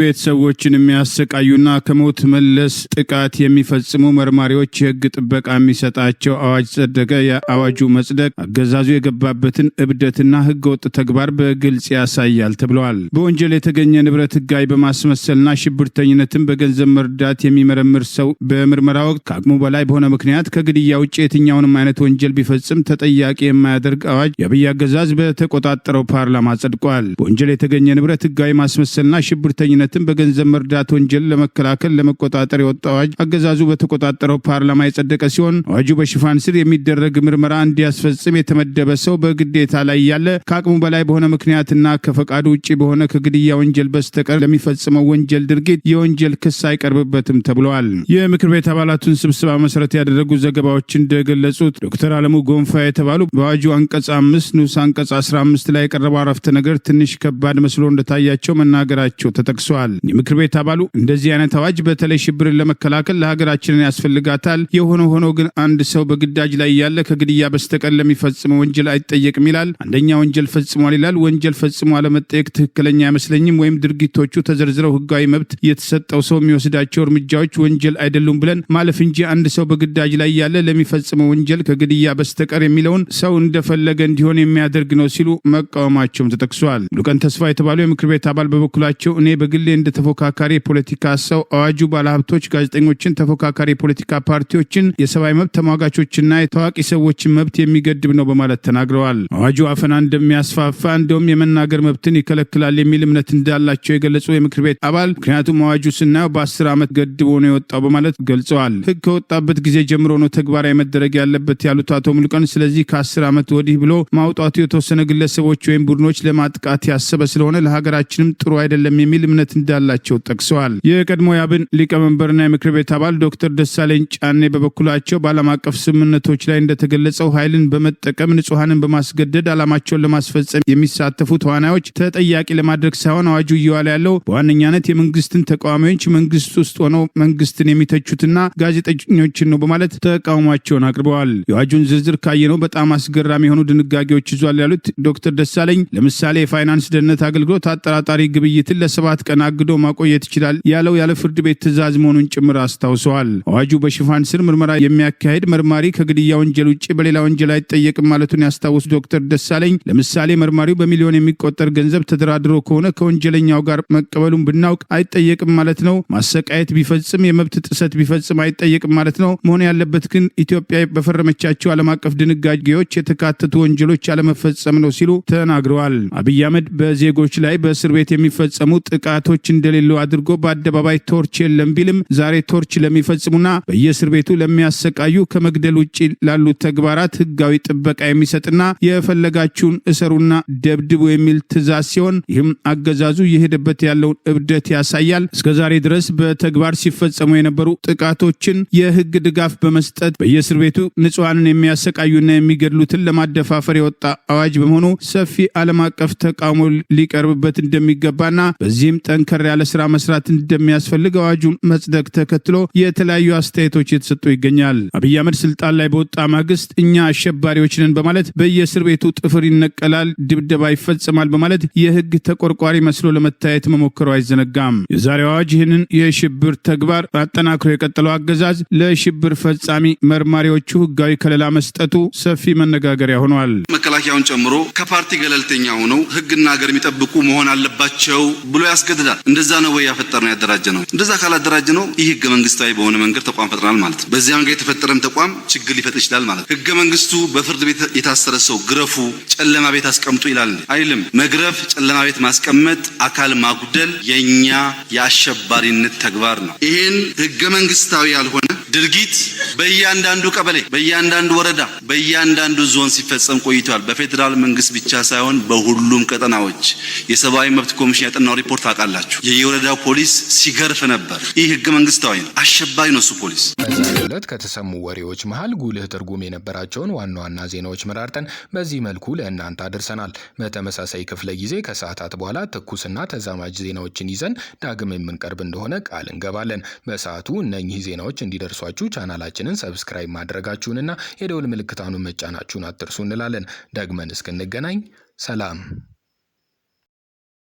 ቤተሰቦችን የሚያሰቃዩና ከሞት መለስ ጥቃት የሚፈጽሙ መርማሪዎች የህግ ጥበቃ የሚሰጣቸው አዋጅ ጸደቀ። የአዋጁ መጽደቅ አገዛዙ የገባበትን እብደትና ህገ ወጥ ተግባር በግልጽ ያሳያል ተብለዋል። በወንጀል የተገኘ ንብረት ህጋዊ በማስመሰልና ሽብርተኝነትን በገንዘብ መርዳት የሚመረምር ሰው በምርመራ ወቅት ከአቅሙ በላይ በሆነ ምክንያት ከግድያ ውጭ የትኛውንም አይነት ወንጀል ቢፈጽም ተጠያቂ የማያደርግ አዋጅ የአብይ አገዛዝ በተቆጣጠረው ፓርላማ ጸድቋል። በወንጀል የተገኘ ንብረት ህጋዊ ማስመሰልና ሽብርተኝነት ሽብርተኝነትን በገንዘብ መርዳት ወንጀል ለመከላከል ለመቆጣጠር የወጣ አዋጅ አገዛዙ በተቆጣጠረው ፓርላማ የጸደቀ ሲሆን አዋጁ በሽፋን ስር የሚደረግ ምርመራ እንዲያስፈጽም የተመደበ ሰው በግዴታ ላይ ያለ ከአቅሙ በላይ በሆነ ምክንያትና ከፈቃዱ ውጭ በሆነ ከግድያ ወንጀል በስተቀር ለሚፈጽመው ወንጀል ድርጊት የወንጀል ክስ አይቀርብበትም ተብለዋል። የምክር ቤት አባላቱን ስብሰባ መሰረት ያደረጉ ዘገባዎች እንደገለጹት ዶክተር አለሙ ጎንፋ የተባሉ በአዋጁ አንቀጽ አምስት ንዑስ አንቀጽ 15 ላይ የቀረበው አረፍተ ነገር ትንሽ ከባድ መስሎ እንደታያቸው መናገራቸው ተጠቅሷል። ጠቅሰዋል። የምክር ቤት አባሉ እንደዚህ አይነት አዋጅ በተለይ ሽብርን ለመከላከል ለሀገራችንን ያስፈልጋታል። የሆነ ሆኖ ግን አንድ ሰው በግዳጅ ላይ ያለ ከግድያ በስተቀር ለሚፈጽመው ወንጀል አይጠየቅም ይላል። አንደኛ ወንጀል ፈጽሟል ይላል። ወንጀል ፈጽሞ አለመጠየቅ ትክክለኛ አይመስለኝም። ወይም ድርጊቶቹ ተዘርዝረው ህጋዊ መብት የተሰጠው ሰው የሚወስዳቸው እርምጃዎች ወንጀል አይደሉም ብለን ማለፍ እንጂ አንድ ሰው በግዳጅ ላይ ያለ ለሚፈጽመው ወንጀል ከግድያ በስተቀር የሚለውን ሰው እንደፈለገ እንዲሆን የሚያደርግ ነው ሲሉ መቃወማቸውም ተጠቅሷል። ሉቀን ተስፋ የተባሉ የምክር ቤት አባል በበኩላቸው እኔ በግል በግሌ እንደ ተፎካካሪ የፖለቲካ ሰው አዋጁ ባለሀብቶች፣ ጋዜጠኞችን፣ ተፎካካሪ የፖለቲካ ፓርቲዎችን፣ የሰብአዊ መብት ተሟጋቾችና የታዋቂ ሰዎችን መብት የሚገድብ ነው በማለት ተናግረዋል። አዋጁ አፈና እንደሚያስፋፋ እንደውም የመናገር መብትን ይከለክላል የሚል እምነት እንዳላቸው የገለጹ የምክር ቤት አባል ምክንያቱም አዋጁ ስናየው በአስር ዓመት ገድቦ ነው የወጣው በማለት ገልጸዋል። ህግ ከወጣበት ጊዜ ጀምሮ ነው ተግባራዊ መደረግ ያለበት ያሉት አቶ ሙልቀን ስለዚህ ከአስር ዓመት ወዲህ ብሎ ማውጣቱ የተወሰነ ግለሰቦች ወይም ቡድኖች ለማጥቃት ያሰበ ስለሆነ ለሀገራችንም ጥሩ አይደለም የሚል እምነት እንዳላቸው ጠቅሰዋል። የቀድሞ ያብን ሊቀመንበርና የምክር ቤት አባል ዶክተር ደሳለኝ ጫኔ በበኩላቸው በዓለም አቀፍ ስምምነቶች ላይ እንደተገለጸው ኃይልን በመጠቀም ንጹሐንን በማስገደድ ዓላማቸውን ለማስፈጸም የሚሳተፉ ተዋናዮች ተጠያቂ ለማድረግ ሳይሆን አዋጁ እየዋለ ያለው በዋነኛነት የመንግስትን ተቃዋሚዎች መንግስት ውስጥ ሆነው መንግስትን የሚተቹትና ጋዜጠኞችን ነው በማለት ተቃውሟቸውን አቅርበዋል። የአዋጁን ዝርዝር ካየነው በጣም አስገራሚ የሆኑ ድንጋጌዎች ይዟል ያሉት ዶክተር ደሳለኝ ለምሳሌ የፋይናንስ ደህንነት አገልግሎት አጠራጣሪ ግብይትን ለሰባት ቀናት አግዶ ማቆየት ይችላል ያለው ያለ ፍርድ ቤት ትዕዛዝ መሆኑን ጭምር አስታውሰዋል። አዋጁ በሽፋን ስር ምርመራ የሚያካሄድ መርማሪ ከግድያ ወንጀል ውጭ በሌላ ወንጀል አይጠየቅም ማለቱን ያስታወሱ ዶክተር ደሳለኝ ለምሳሌ መርማሪው በሚሊዮን የሚቆጠር ገንዘብ ተደራድሮ ከሆነ ከወንጀለኛው ጋር መቀበሉን ብናውቅ አይጠየቅም ማለት ነው። ማሰቃየት ቢፈጽም፣ የመብት ጥሰት ቢፈጽም አይጠየቅም ማለት ነው። መሆን ያለበት ግን ኢትዮጵያ በፈረመቻቸው ዓለም አቀፍ ድንጋጌዎች የተካተቱ ወንጀሎች አለመፈጸም ነው ሲሉ ተናግረዋል። አብይ አህመድ በዜጎች ላይ በእስር ቤት የሚፈጸሙ ጥቃቶች ቤቶች እንደሌሉ አድርጎ በአደባባይ ቶርች የለም ቢልም ዛሬ ቶርች ለሚፈጽሙና በየእስር ቤቱ ለሚያሰቃዩ ከመግደል ውጭ ላሉ ተግባራት ህጋዊ ጥበቃ የሚሰጥና የፈለጋችሁን እሰሩና ደብድቡ የሚል ትዕዛዝ ሲሆን ይህም አገዛዙ የሄደበት ያለውን እብደት ያሳያል። እስከ ዛሬ ድረስ በተግባር ሲፈጸሙ የነበሩ ጥቃቶችን የህግ ድጋፍ በመስጠት በየእስር ቤቱ ንጹሐንን የሚያሰቃዩና የሚገድሉትን ለማደፋፈር የወጣ አዋጅ በመሆኑ ሰፊ ዓለም አቀፍ ተቃውሞ ሊቀርብበት እንደሚገባና በዚህም ጠን ጠንከር ያለ ስራ መስራት እንደሚያስፈልግ አዋጁ መጽደቅ ተከትሎ የተለያዩ አስተያየቶች የተሰጡ ይገኛል። አብይ አህመድ ስልጣን ላይ በወጣ ማግስት እኛ አሸባሪዎች ነን በማለት በየእስር ቤቱ ጥፍር ይነቀላል፣ ድብደባ ይፈጽማል በማለት የህግ ተቆርቋሪ መስሎ ለመታየት መሞከሩ አይዘነጋም። የዛሬው አዋጅ ይህንን የሽብር ተግባር አጠናክሮ የቀጠለው አገዛዝ ለሽብር ፈጻሚ መርማሪዎቹ ህጋዊ ከለላ መስጠቱ ሰፊ መነጋገሪያ ሆኗል። መከላከያውን ጨምሮ ከፓርቲ ገለልተኛ ሆነው ህግና ሀገር የሚጠብቁ መሆን አለባቸው ብሎ ያስገድዳል። እንደዛ ነው ወይ ያፈጠር ነው ያደራጀ ነው? እንደዛ ካላደራጀ ነው ይህ ህገ መንግስታዊ በሆነ መንገድ ተቋም ፈጥናል ማለት ነው። በዚያ መንገድ የተፈጠረም ተቋም ችግር ሊፈጥር ይችላል ማለት ነው። ህገ መንግስቱ በፍርድ ቤት የታሰረ ሰው ግረፉ፣ ጨለማ ቤት አስቀምጡ ይላል አይልም። መግረፍ፣ ጨለማ ቤት ማስቀመጥ፣ አካል ማጉደል የእኛ የአሸባሪነት ተግባር ነው። ይህን ህገ መንግስታዊ ያልሆነ ድርጊት በእያንዳንዱ ቀበሌ፣ በእያንዳንዱ ወረዳ፣ በእያንዳንዱ ዞን ሲፈጸም ቆይቷል። በፌዴራል መንግስት ብቻ ሳይሆን በሁሉም ቀጠናዎች የሰብአዊ መብት ኮሚሽን ያጠናው ሪፖርት አውቃላችሁ። የየወረዳው ፖሊስ ሲገርፍ ነበር። ይህ ህገ መንግስታዊ ነው። አሸባሪ ነው እሱ ፖሊስ። ለት ከተሰሙ ወሬዎች መሀል ጉልህ ትርጉም የነበራቸውን ዋና ዋና ዜናዎች መራርጠን በዚህ መልኩ ለእናንተ አድርሰናል። በተመሳሳይ ክፍለ ጊዜ ከሰዓታት በኋላ ትኩስና ተዛማጅ ዜናዎችን ይዘን ዳግም የምንቀርብ እንደሆነ ቃል እንገባለን። በሰዓቱ እነኚህ ዜናዎች እንዲደርሷችሁ ቻናላችን ቻናላችንን ሰብስክራይብ ማድረጋችሁንና የደውል ምልክታኑን መጫናችሁን አትርሱ እንላለን። ደግመን እስክንገናኝ ሰላም።